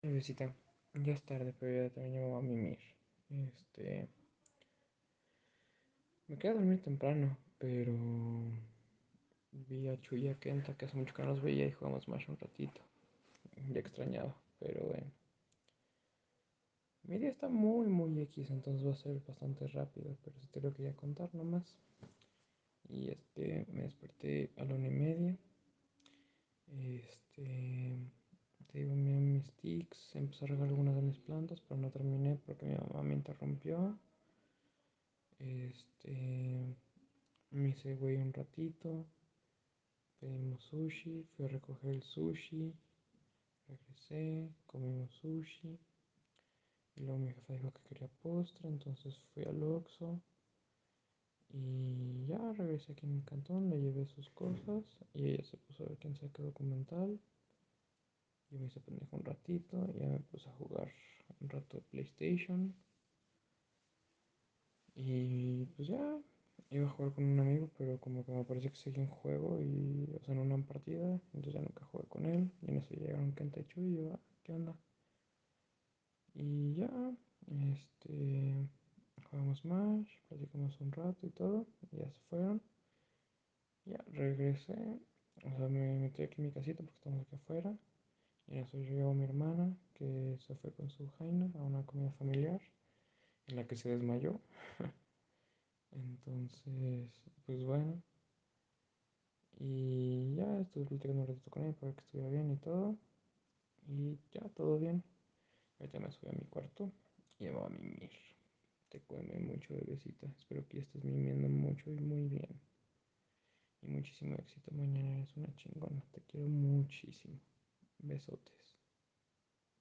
Besita, ya es tarde, pero ya también me voy a mimir. Este. Me quedé a dormir temprano, pero. Vi a Chuya Kenta, que hace mucho que no los veía, y jugamos más un ratito. Ya extrañaba, pero bueno. Mi día está muy, muy X, entonces va a ser bastante rápido, pero si te lo quería contar nomás. Y este, me desperté a la una y media. Este iba a mis sticks, empecé a regar algunas de mis plantas, pero no terminé porque mi mamá me interrumpió. Este, me hice güey un ratito, pedimos sushi, fui a recoger el sushi, regresé, comimos sushi. Y luego mi jefa dijo que quería postre, entonces fui al Oxxo. Y ya regresé aquí en mi cantón, le llevé sus cosas y ella se puso a ver quién se documental. Yo me hice pendejo un ratito, ya me puse a jugar un rato de PlayStation. Y pues ya, iba a jugar con un amigo, pero como que me parece que seguía en juego y, o sea, en una partida, entonces ya nunca jugué con él. Y en eso llegaron kenta y yo, ah, ¿qué onda? Y ya, este, jugamos más platicamos un rato y todo, y ya se fueron. Ya regresé, o sea, me metí aquí en mi casita porque estamos aquí afuera. Eso llegó mi hermana, que se fue con su Jaina a una comida familiar en la que se desmayó. Entonces, pues bueno. Y ya estuve el un ratito con ella para que estuviera bien y todo. Y ya, todo bien. Ahorita me subo a mi cuarto y me voy a mimir. Te cuento mucho, bebecita. Espero que estés mimiendo mucho y muy bien. Y muchísimo éxito. Mañana eres una chingona. Te quiero muchísimo. Besotes.